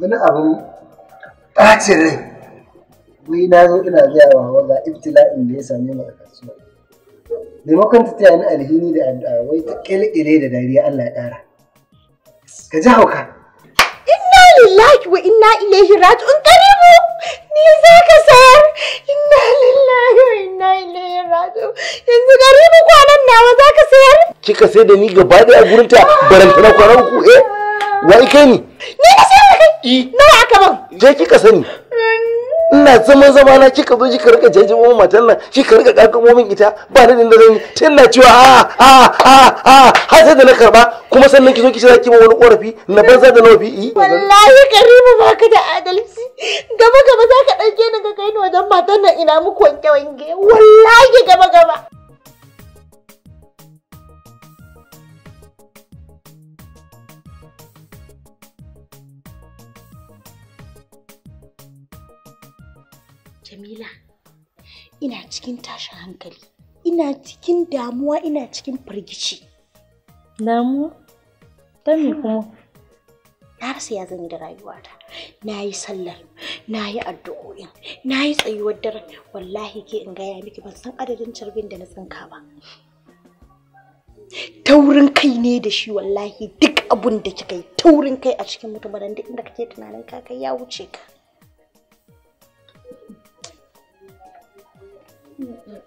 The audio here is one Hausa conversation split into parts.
wani abin ɓacin rai wai na zo ina gaya wa hawa ga ibtila'in da ya same mu a kasuwa maimakon ta taya ni alhini da addu'a wai ta ƙilƙile da dariya Allah ya ƙara ka ji hauka inna lillahi wa inna ilaihi raji'un karibu ni za ka sayar inna lillahi wa inna ilaihi raji'un yanzu karibu kwanan nawa za ka sayar kika sai da ni gaba daya gurinta barantana kwanan ku eh wai kai ni Ni ka sayar da kai. Nawa aka ban? Je kika sani. Ina zama zama na kika zo kika rika jajjabo matan nan kika rika kakamo min ita ba ni da zan yi tun cewa a ah, a ah, a ah, a har sai da na karba kuma sannan ki zo ki ce ki ma wani korafi na banza da nawa bi'i. Wallahi karimu ba ka da adalci gaba gaba za ka ɗauke ni ka kai ni wajen matan nan ina muku wanke wanke wallahi gaba gaba. Jamila, ina cikin tashin hankali, ina cikin damuwa, ina cikin firgici. Damuwa? Ta me hmm. kuma? Na rasa ya zan da rayuwata. Na yi sallar, na yi addu'o'in, na yi tsayuwar dare wallahi ke in gaya miki ban san adadin carbin da na tsinka ba. Taurin kai ne da shi wallahi duk abun da kika yi taurin kai a cikin mutum da inda kake tunanin ka kai ya wuce ka.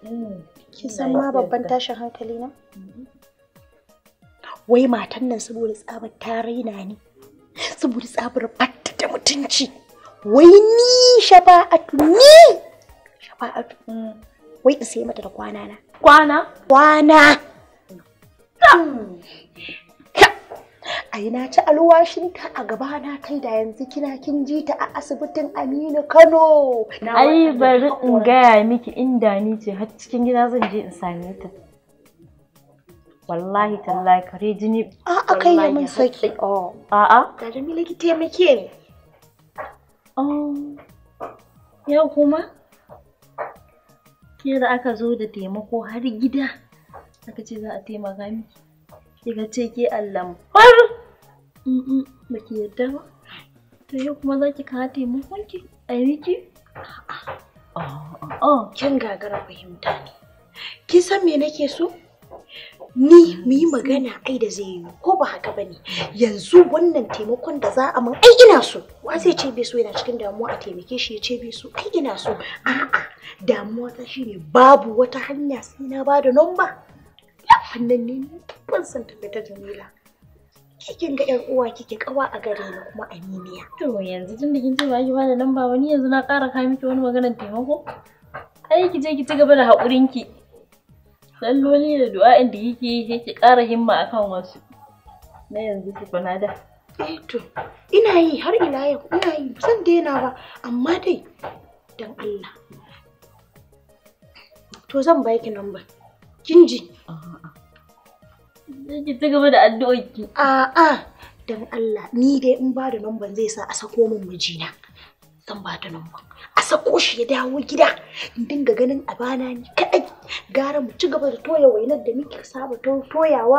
Mm. Kin san ma babban tashin hankali na? Mm-hmm. Wai matan nan saboda tsabar ta raina ni, saboda tsabar batta da mutunci. Wai ni shafa'atu ni! Shafa'atu. Mm. Wai in sai mata da kwana na. Kwana? Kwana! ai na ci alwashin ta a gaba na kai da yanzu kina kin ji ta a asibitin Aminu Kano ai bari in gaya miki inda ni ce har cikin gida zan je in same ta wallahi tallahi kare jini a a kai ya mun saki a a kare mi likita ya muke ne oh. ya kuma ke da aka zo da taimako har gida aka ce za a taimaka miki kika ce ke Allah Har baki ki ba to yau kuma za ki kawo taimakon ki a miki kin gagara fahimta ne kin san me nake so ni mu yi magana ai da zai yi ko ba haka ba ne yanzu wannan taimakon da za a mun ai ina so wa zai ce bai so yana cikin damuwa a taimake shi ya ce bai so ai ina so a'a damuwa ta shine babu wata hanya sai na bada nomba. lamban nan ne ban san ta jamila Kikin ga 'yar uwa kike kawa a gare ni kuma aminiya. To yanzu tun da kin ce ba ki bada ba, wani yanzu na ƙara kawo miki wani maganar taimako. Ai ki je ki ci gaba da haƙurinki. Salloli da du'a'in da kike yi sai ƙara himma akan wasu. Na yanzu ki kuna da. Eh to ina yi har ila yau ina yi zan daina ba amma dai dan Allah. To zan baki lambar. Kin ji? A'a. Ki ci gaba da addu'o'i. A'a, dan Allah ni dai in ba da namban zai sa a sako min mijina. Zan ba da namban. A sako shi ya dawo gida. In dinga ganin abana ni kaɗai. Gara mu ci gaba da toya wainar da muke saba toyawa.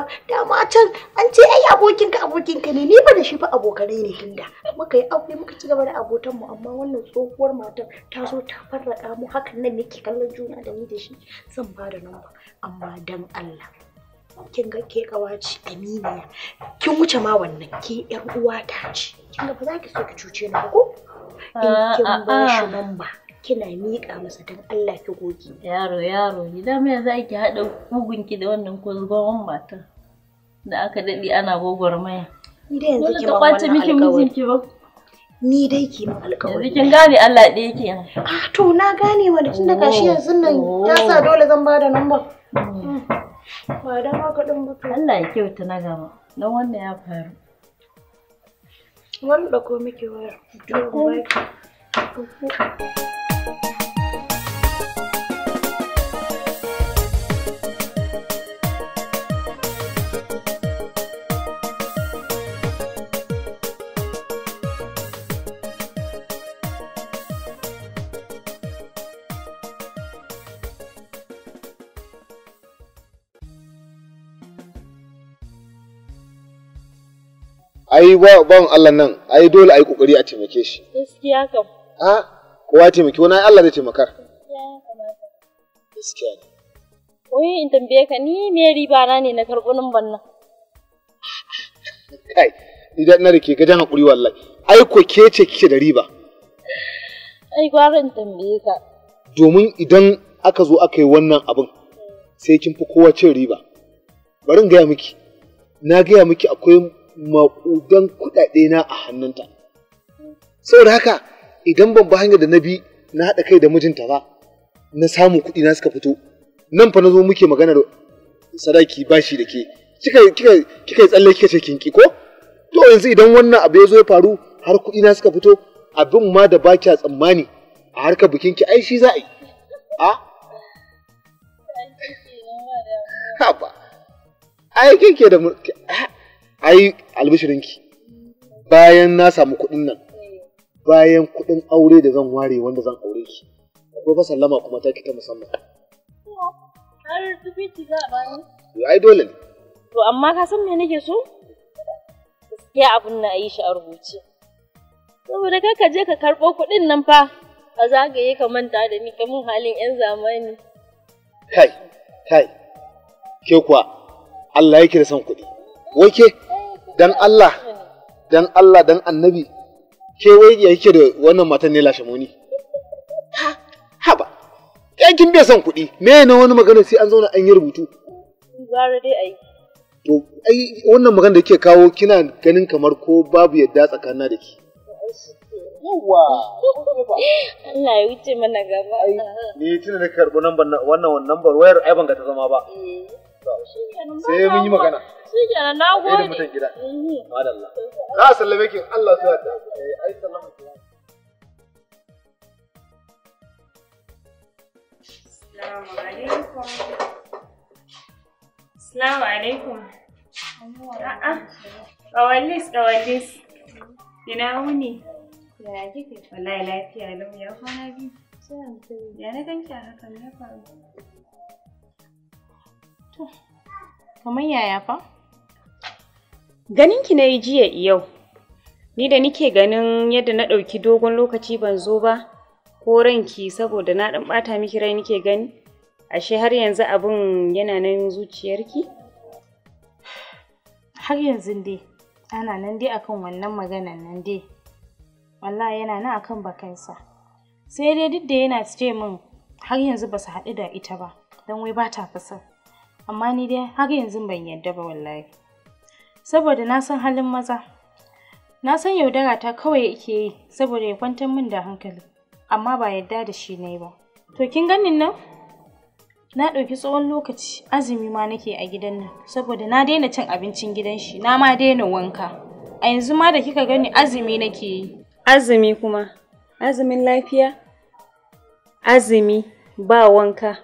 ma can an ce ai abokinka abokinka ne ni ba da shi fa abokanai ne tunda. Muka yi aure muka ci gaba da abotan mu amma wannan tsohuwar matar ta zo ta farraka mu hakan nan muke kallon juna da ni da shi. Zan ba da namban amma dan Allah. kin ga ke kawaci aminiya kin wuce ma wannan ke yar uwa ta ce kin ga ba za ki so ki cuce ni ba ko in kin ba shi namba kina miƙa masa don Allah ki goge yaro yaro ni da me za ki hada kugun ki da wannan kozgon mata da aka dade ana gogormaya ni dai yanzu ki ba wannan alƙawari ni dai ke ma alƙawari. Yanzu kin gane Allah ɗaya ke nan. Ah to na gane wani tun da gashi yanzu nan Ya sa oh. dole zan ba da namba. Ba don haka ɗin ba Allah ya kyauta na gaba. Don wanda ya faru. Wani ko muke waya. ai bawan Allah nan ai dole ai kokari a taimake shi gaskiya kam a kowa taimaki wani ai Allah zai taimakar gaskiya ne wai in tambaye ka ni me riba na ne na karɓo numban nan kai idan na rike gajan hakuri wallahi ai ko ke ce kike da riba ai gwara in tambaye ka domin idan aka zo aka yi wannan abin sai kin fi kowa cin riba bari in gaya miki na gaya miki akwai maƙudan kuɗaɗe na a hannunta saboda haka idan ban ba hanyar da na bi na haɗa kai da mijinta ba na samu kuɗi na suka fito nan fa na zo muke maganar sadaki bashi da ke kika kika kika tsalle kika ce kinki ko to yanzu idan wannan abu ya zo ya faru har kuɗi na suka fito abin ma da ba kya tsammani a harkar bikin ki ai shi za a yi a ai kike da ai albishirinki bayan na samu kuɗin nan bayan kuɗin aure da zan ware wanda zan aure ki akwai fa sallama kuma ta kita musamman har dubi ki za bani ai dole ne to amma ka san me nake so gaskiya abun na yi shi a rubuce saboda kar ka je ka karɓo kuɗin nan fa a zagaye ka manta da ni kamun halin yan zamani kai kai ke kuwa Allah yake da son kuɗi wai ke dan Allah dan Allah dan annabi ke wai ya yake da wannan matan ne lashe muni ha haba kai kin bai son kuɗi me ne wani magana sai an zauna an yi rubutu gara dai ai to ai wannan magana da kike kawo kina ganin kamar ko babu yadda tsakanin da ke yawa Allah ya wuce mana gaba ni tuna da karɓi wannan number wayar ai ban ga ta zama ba eh. sai mun yi magana shi kenan na gode mutan gida mhm. madalla na sallame ki Allah su ta. Eh, ai sallama ki Assalamu alaikum. Assalamu alaikum. A'a. Ina wuni? Ya kike? Wallahi lafiya lau ya kwana biyu. Ya na ganki a hakan ya faru. Kamar yaya fa? Ganinki na yi jiya yau. Ni da nike ganin yadda na ɗauki dogon lokaci ban zo ba, ko ranki saboda na ɗan ɓata miki rai nike gani, ashe har yanzu abin yana nan zuciyarki? Har yanzu dai, ana nan dai akan wannan maganan nan dai. Wallahi yana nan akan bakansa. Sai dai duk da yana ce min har yanzu ba su haɗu da ita ba, don wai ba ta fi son. amma ni dai har yanzu ban yadda ba wallahi saboda na san halin maza na san yaudara ta kawai ike yi saboda ya kwantar min da hankali amma ba yadda da shi ne ba to kin ganin nan na ɗauki tsohon lokaci azumi ma nake a gidan nan saboda na daina cin abincin gidan shi na ma daina wanka a yanzu ma da kika gani azumi nake yi azumi kuma azumin lafiya azumi ba wanka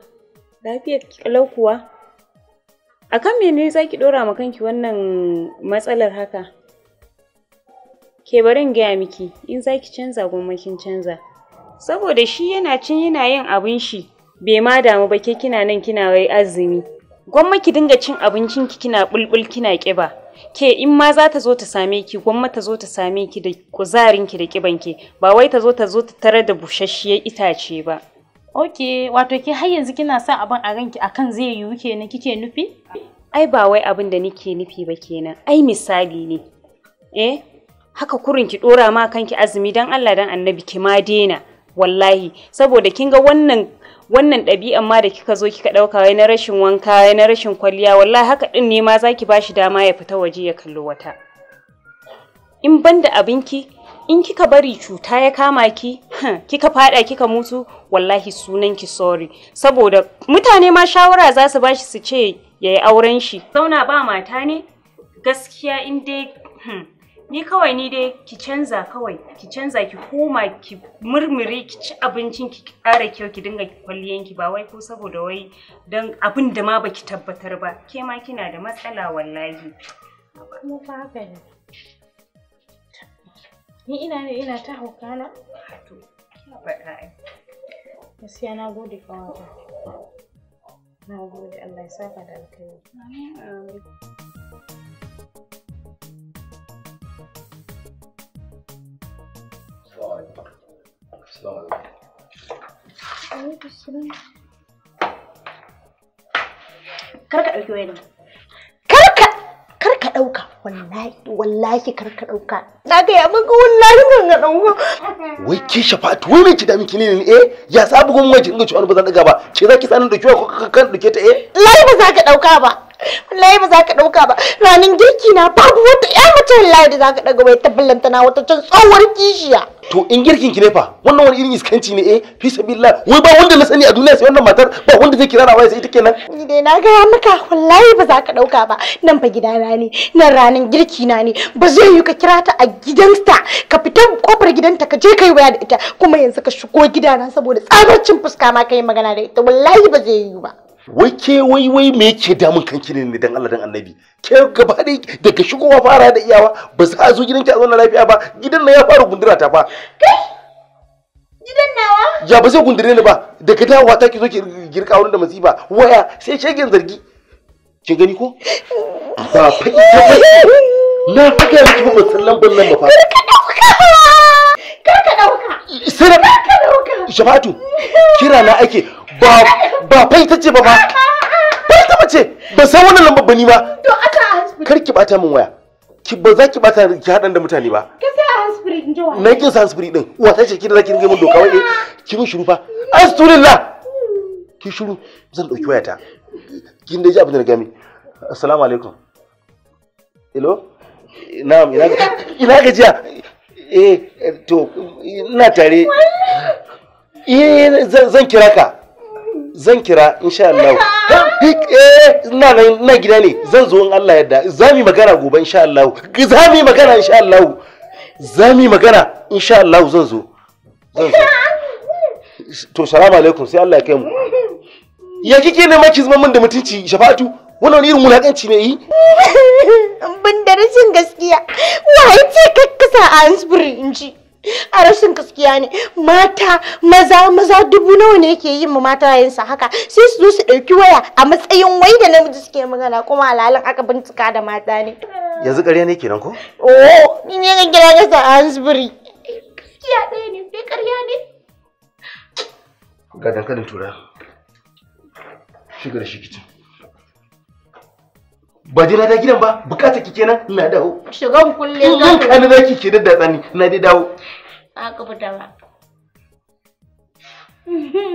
lafiyar kalau kuwa akan mene za ki ɗora ma kanki wannan matsalar haka ke barin gaya miki in za ki canza goma kin canza saboda shi yana cin yana yin abin shi bai ma damu ba ke kina nan kina wai azumi gwamma ki dinga cin abincin ki kina bulbul kina kiba ke in ma za ta zo ta same ki gwamma ta zo ta same ki da kuzarin ki da kiban ba wai ta zo ta zo ta tare da bushashshiyar itace ba ok wato ke har yanzu kina sa abin a ranki akan zai yiwu kenan kike nufi ai ba wai abin da nike nufi ba kenan ai misali ne eh haka kurin ki dora ma kanki azumi dan Allah dan annabi ki ma dena wallahi saboda kin ga wannan wannan ɗabi'an ma da kika zo kika ɗauka wai na rashin wanka wai na rashin kwalliya wallahi haka ɗin ne ma zaki bashi dama ya fita waje ya kalli wata in banda abinki in kika bari cuta ya kama ki kika fada kika mutu wallahi sunan ki sorry saboda mutane ma shawara za su bashi su ce yayi auren shi zauna ba mata ne gaskiya in dai hmm, ni kawai ni dai ki canza kawai ki canza ki koma ki murmure ki ci abincin ki ƙara kyau ki dinga kwalliyan ki ba wai ko saboda wai dan abin da ma baki tabbatar ba ke ma kina da matsala wallahi Ni ina ne ina ta hauka na? To, faɗa ai. Gaskiya na gode wata. Na gode Allah ya saka da alkhairi. Assalamu alaikum. Alaikum Kar ka ɗauki ɗauka wallahi wallahi kar ka ɗauka na ga ya maka wallahi kar ka ɗauka wai shafa to wai ki miki ne ne eh ya sa bugun mai ki dinga ciwon ba zan ɗaga ba ke za ki sanin da ciwon ko kan duke ta eh wallahi ba za ka ɗauka ba wallahi ba za ka ɗauka ba ranin girki na babu wata ƴa mace wallahi da za ka ɗaga bai tabbalanta na wata can tsohuwar kishiya to in girkin ki ne fa wannan wani irin iskanci ne eh fi sabilillah wai ba wanda na sani a duniya sai wannan matar ba wanda zai kira rawa sai ita kenan ni dai na ga maka wallahi ba za ka dauka ba nan fa gida na ne nan ranan girki na ne ba zai yi ka kira ta a gidanta ka fita kofar gidanta ka je kai waya da ita kuma yanzu ka shigo gidana saboda tsabarcin fuska ma kai magana da ita wallahi ba zai yi ba wai ke wai wai me yake damun kanki ne dan Allah dan Annabi ke gaba dai daga shigowa fara da iyawa ba za a zo ki a zauna lafiya ba gidan na ya fara gundura ta fa kai gidan nawa ya ba sai gundure ni ba daga dawowa ta ki zo ki girka wurin da masifa waya sai shegen zargi ki gani ko ba fa ita ba na fage ki ba sallan ban nan ba fa Karka ɗauka. Sai Shafatu, kira na ake ba ba fai ta ce ba ba. Fai ta mace ba san wannan lambar ba ni ba. To aka Kar ki bata min waya. Ki ba za ki bata ki hadan da mutane ba. Ka sa hansfiri in ji Na kin sa hansfiri din. Wa ta ce ki da za ki ringa min doka wai. Eh. Ki min shiru fa. Astulillah. Ki shiru zan dauki wayata. Kin da ji abin da gami. Assalamu alaikum. Hello? Na'am ina gajiya. eh to ina tare eh zan kira ka zan kira insha Allah eh ina nan ina gida ne zan zo in Allah yarda za mu magana gobe insha Allah za mu magana insha Allah za mu magana insha Allah zan zo zan zo to salamu alaikum sai Allah ya kai mu ya kike ne maki zama min da mutunci shafa'atu wannan irin wulakanci ne yi eh? bin da rashin gaskiya waye ce kakkasa a hansbury in ji a rashin gaskiya ne mata maza maza dubu nawa ne yake yin ma mata yin sa haka sai su zo su ɗauki waya a matsayin wai da namiji suke magana kuma halalin aka bincika da mata ne yanzu ƙarya ne kenan ko oh ni ne ga gira ga sa hansbury gaskiya ɗaya ne sai ƙarya ne ga dankalin tura shiga da shi kicin ba je na da gidan ba bukata ki kenan na dawo shigan kullum ga kan da ki ke da tsani na dai dawo a ka fita ba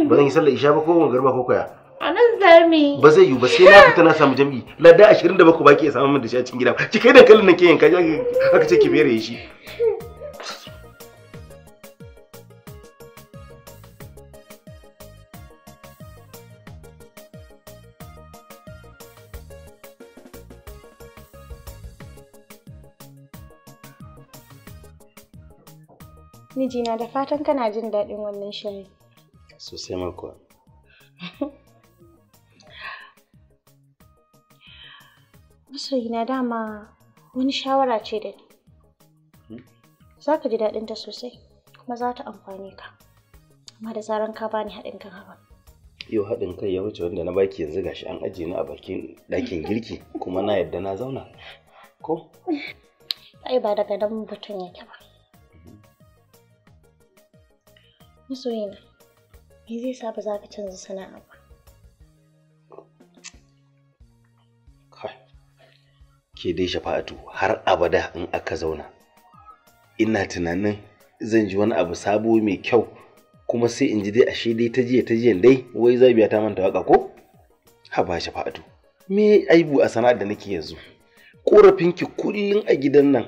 ba zan yi sallar isha ba ko wani garba ko koya a nan zami ba zai yi ba sai na fita na samu jami'i lada 27 ba ki samu min da shi a cikin gida ki kai dankalin nan ke yanka aka ce ki fere shi Mijina da fatan kana jin daɗin wannan shayi. Sosai ma kuwa. na dama wani shawara ce da ni. Hmm? Za ka ji ta sosai kuma za ta amfane ka. Amma da zaran ka bani haɗin kan hakan. Yau haɗin kai ya wuce wanda na baki yanzu gashi an ajiye na a bakin ɗakin girki kuma na yadda na zauna. Ko? Ai ba daga nan mutum yake ba. masoyina me zai sa ba za ka canza sana'a ba ke dai shafa'atu har abada in aka zauna ina tunanin zan ji wani abu sabo mai kyau kuma sai in ji dai ashe dai ta jiya ta jiyan dai wai za biya ta manta waka ko ha shafa'atu me aibu a sana'ar da nake yanzu korafinki kullum a gidan nan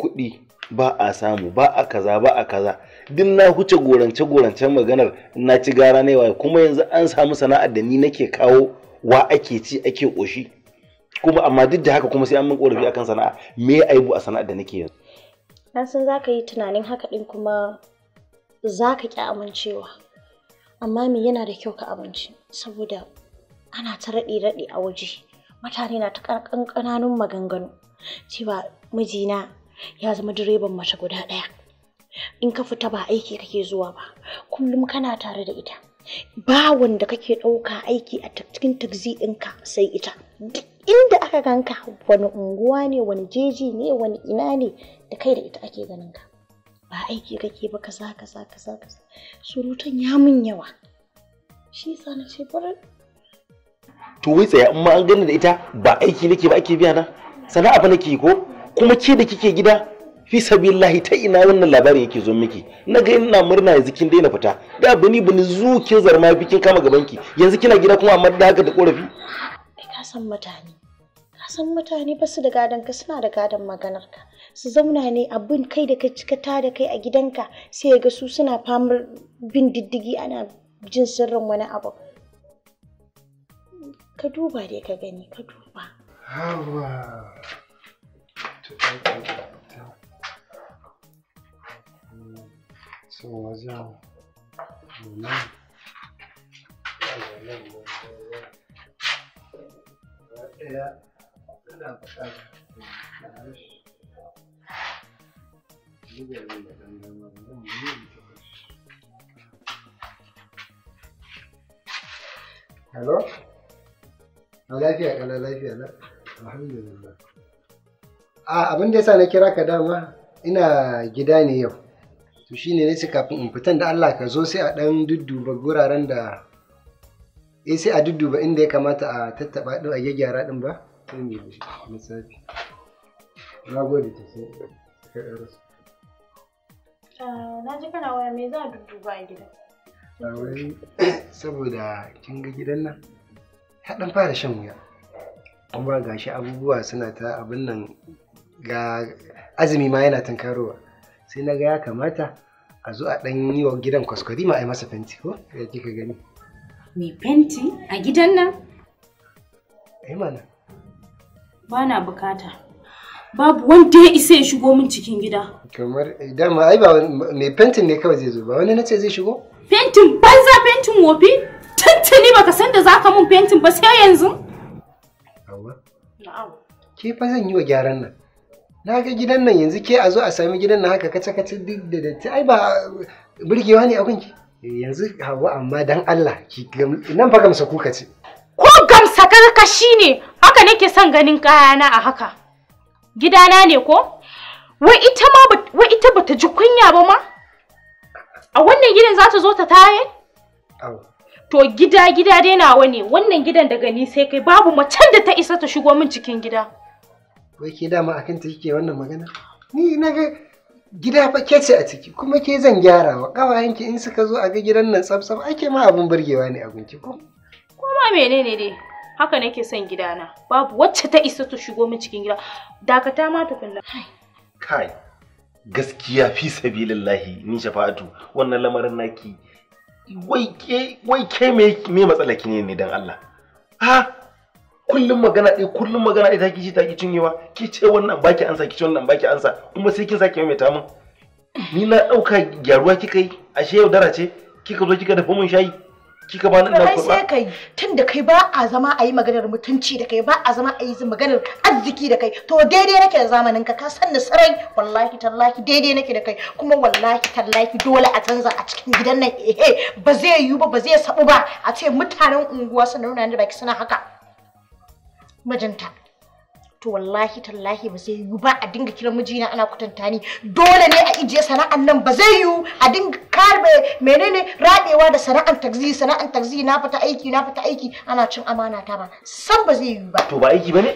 kuɗi ba a samu ba a kaza ba a kaza duk na huce gorance gorancen maganar na ci gara ne waye kuma yanzu an samu sana'ar da ni nake kawo wa ake ci ake koshi kuma amma duk da haka kuma sai an min korafi akan sana'a me ya aibu a sana'ar da nake yanzu na san za yi tunanin haka din kuma zaka ki amincewa amma me yana da kyau ka amince saboda ana ta raɗe-raɗe a waje mutane na ta ƙanƙananun maganganu cewa mijina ya zama direban mace guda ɗaya in ka fita ba aiki kake zuwa ba kullum kana tare da ita ba wanda kake ɗauka aiki a cikin takzi ɗinka sai ita duk inda aka ganka wani unguwa ne wani jeji ne wani ina ne da kai da ita ake ganin ka ba aiki kake ba kaza kaza kaza kaza surutan ya mun yawa shi yasa na ce bari to wai tsaya in ma an gani da ita ba aiki nake ba ake biya na sana'a ba nake ko kuma ke da kike gida fi sabilillahi ta ina wannan labarin yake zo miki na ga ina murna yanzu kin daina fita da bani bini zuke zarma bikin kama gaban ki. yanzu kina gida kuma amma da haka da korafi ai ka san mutane ka san mutane ba su da gadon ka suna da gadon maganar ka su zauna ne abin kai da ka cika ta da kai a gidanka sai ga su suna famar bin diddigi ana jin sirrin wani abu ka duba dai ka gani ka duba Hawa. son wajen domin um. Hello? A lafiya Alhamdulillah. Ah, abin da yasa na kira ka dama ina gida ne yau. to shi ne sai kafin in fitan da Allah ka zo sai a ɗan dudduba guraren da eh sai a dudduba inda ya kamata a tattaba ɗin a gyaggyara ɗin ba sai ne lissafi na gode ta sai ka ɗara su ah, na ji kana waya me za a dudduba a gida wani saboda kin ga gidan nan ya ɗan fara shan wuya kuma gashi abubuwa suna ta abin nan ga azumi ma yana tankarowa sai na ga ya kamata a zo a ɗan yi wa gidan kwaskwari ma a yi masa fenti ko ya kika gani Me fenti a gidan nan ai eh mana ba na bukata babu wanda ya isa ya shigo min cikin gida kamar eh, ma ai ba me fentin ne kawai zai zo ba wani ce zai shigo fentin banza fentin wofi Tantani baka san da zaka mun fentin ba sai yanzu Na'am. Ke fa zan yi wa gyaran nan. na ga gidan nan yanzu ke a zo a sami gidan nan haka kace kace duk da datti ai ba burgewa ne abin ki eh, yanzu hawa amma dan Allah ki nan fa gamsa kuka kace ko gamsa karkashi shine haka nake son ganin kayana a haka gidana ne ko wai ita ma wai ita bata ji kunya ba ma a wannan gidan za ta zo ta taye to gida gida dai nawa ne wannan gidan daga ni sai kai babu macen da ta isa ta shigo min cikin gida wai ke dama akan ta kike wannan magana ni na gida fa ke ce a ciki kuma ke zan gyara wa kawayenki in suka zo a ga gidan nan tsaf tsaf ake ma abun burgewa ne a gunki ko ko ma menene dai haka nake son gidana babu wacce ta isa ta shigo min cikin gida dakata ma ta tukunna kai gaskiya fi sabilillahi ni shafa'atu wannan lamarin naki wai ke wai ke me me matsalaki ne ne dan Allah ha kullum magana ɗaya kullum magana ɗaya ta ci ta ki cinyewa ki ce wannan baki ansa ki ce wannan baki ansa kuma sai kin sake mai ta min ni na ɗauka gyaruwa kika yi ashe yaudara ce kika zo kika dafa mun shayi kika ba nan na kurba sai kai tun da kai ba a zama a yi maganar mutunci da kai ba a zama a yi maganar arziki da kai to daidai nake da zamanin ka ka san da sarai wallahi tallahi daidai nake da kai kuma wallahi tallahi dole a canza a cikin gidan nan eh ba zai yiwu ba ba zai sabu ba a ce mutanen unguwa su nuna ni baki suna haka majinta to wallahi tallahi ba zai yiwu ba a dinga kiran mijina ana kutanta ni dole ne a ijiye sana'an nan ba zai yiwu a dinga karbe menene radewa da sana'an taxi sana'an taxi na fita aiki na fita aiki ana cin amana ta ba san ba zai yiwu ba to ba aiki bane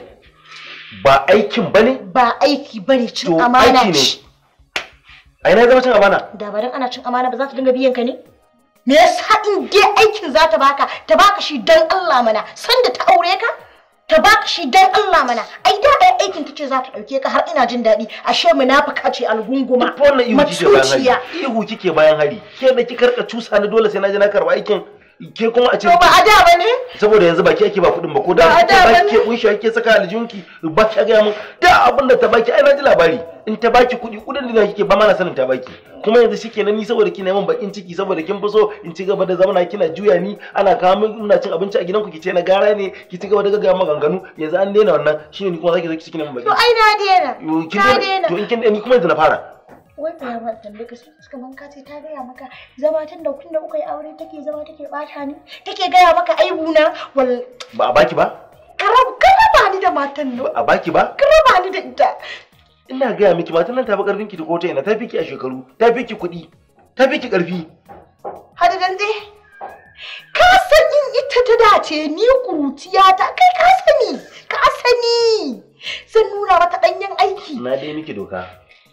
ba aikin bane ba aiki bane cin amana ne a ina zama cin amana da barin ana cin amana ba za ta dinga biyan ka ne me yasa in dai aikin za ta baka ta baka shi dan Allah mana san da ta aure ka ta baka shi dan Allah mana ai da aikin ta ce za ta ɗauke ka har ina jin daɗi ashe munafuka ce algunguma matsuciya ihu kike bayan hari ke da kika rika cusa ni dole sai na je na karba aikin ke kuma a ce ba a da bane saboda yanzu baki ake ba kudin ba ko da ba ke kunshi ake saka aljunki ba ki ga mun da abin da ta baki ai na ji labari in ta baki kudi kudin da kike ba mana sanin ta baki kuma yanzu nan ni saboda kina min bakin ciki saboda kin fi so in ci gaba da zamana kina juya ni ana kawo min ina cin abinci a gidanku ce na gara ne ki ci gaba da gaggawa maganganu yanzu an daina wannan shine ni kuma zaki zo ki kina mun baki to ai na daina to in kin ni kuma yanzu na fara wanda ya tambaye ka sai suka manka ce ta gaya maka zama tun da kun da kuka yi aure take zama take bata ni take gaya maka aibuna. na wal ba a baki ba karab karaba ni da matan nan a baki ba karaba ni da ita ina gaya miki matan nan ta fi karfin ki da kota ina ta fi ki a shekaru ta fi ki kuɗi ta fi ki karfi hada dande ka san in ita ta dace ni kurutiya ta kai ka sani ka sani sun nuna mata danyen aiki na dai miki doka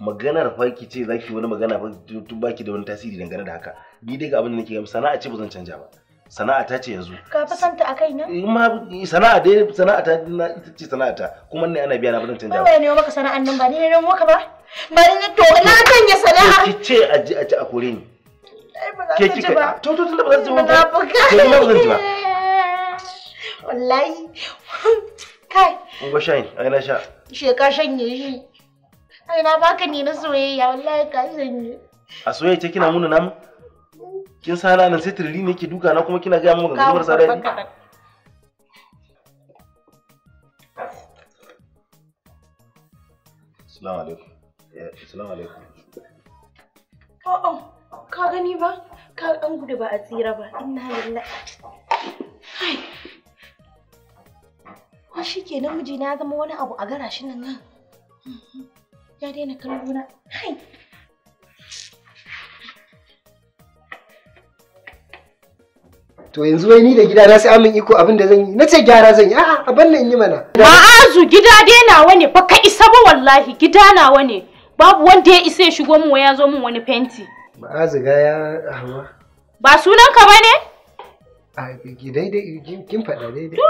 maganar fa ki ce ki wani magana ba tun baki da wani tasiri dangane da haka ni dai ga abin da nake yi sana'a ce ba zan canja ba sana'a ta ce yanzu ka fi santa a kai nan eh, ma sana'a dai sana'a ta ita ce sana'a ta kuma ne ana biya na ba zan canja ba ba ne maka sana'an nan ba ni ne maka ba ba ni to na ya sana'a ki ce a ji a ci a kore ni ke ka to to tunda ba zan ji ba to ba zan ji ba wallahi kai ba shayin ai na sha shi ka shanye shi Ai na baka ne na soyayya wallahi ka sanye. A soyayya ce kina muna nama? Kin sa na nan sai ne ke duka na kuma kina ga mu ga gamar sa dai. Assalamu alaikum. Eh, assalamu alaikum. Oh oh, ka gani ba? Ka an gudu ba a tsira ba. Inna lillahi. Hai. Shi kenan mijina ya zama wani abu a garashin nan nan. Mhm. ya daina kallo na kai to yanzu wai ni da gida na sai amin iko abin da zan yi nace gyara zan yi a'a abin nan yi mana ma'azu gida dai nawa ne fa ka isa ba wallahi gida nawa ne babu wanda ya isa ya shigo min wai ya zo min wani fenti ma'azu ga ya hawa ba sunan ka bane a dai, kin faɗa dai to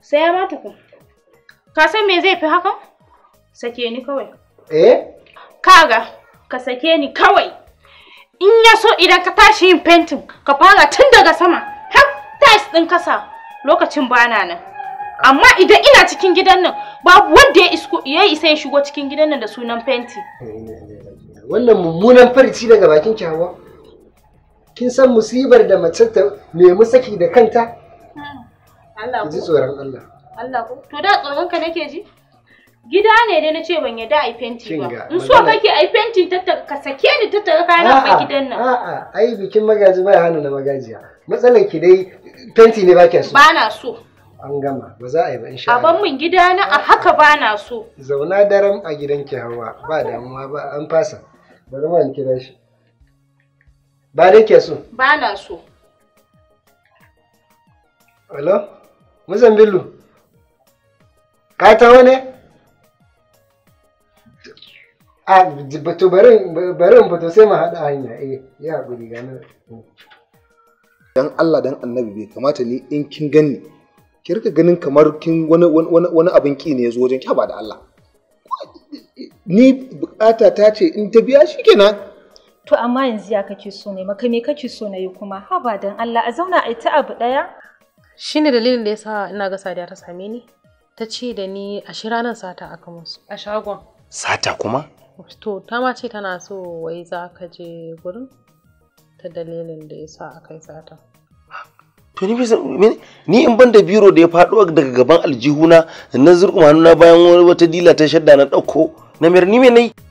sai ya mata ku. ka san me zai fi hakan Sake ni kawai. Eh? Kaga, ka sake ni kawai. In ya so idan ka tashi yin fentin, ka fara tun daga sama, har tais ɗin kasa lokacin bana nan. Amma idan ina cikin gidan nan, babu wanda ya isko ya isa ya shigo cikin gidan nan da sunan fenti. Wannan mummunan farci daga bakin kyawa. Kin san musibar da mace ta nemi saki da kanta? Hmm. Allah ku. Ji tsoron Allah. Allah ku. To da tsoron ka nake ji? Gida ne da na ce ban yadda a yi fenti ba. In so kake a yi ta ka sake ni ta taga kayan ba gidan nan. A'a, ai bikin magaji bai hannu na magajiya. Matsalar ki dai fenti ne ba ke so. Ba na so. An gama, ba za a yi ba insha Allah. A ban min gida na a haka ba na so. Zauna daram a gidan ki hawa, ba damuwa ba an fasa. Bari ma kira shi. Ba dai ke so. Ba na so. Hello? Mazan Bello. Ka taho ne? Ah, a to fito sai haɗa hanya eh ya dan Allah dan annabi bai kamata ni in kin ganni ki rika ganin kamar kin wani wani abin ki ne ya zo wajen ki ba da Allah ni bukata ta ce in ta biya shi kenan to amma yanzu ya kake so ne maka me kake so na yi kuma haba dan Allah a zauna a ta abu daya shine dalilin da yasa ina ga Sadiya ta same ni ta ce da ni a shiranan ranar sata aka musu a shagon Sata kuma? To, ta ma ce tana so wai za ka je gurin ta dalilin da ya sa aka yi sata. To ni in ban da biro da ya faɗo daga gaban aljihuna na zurkuma na bayan wata dila ta shadda na ɗauko na mayar ni nai.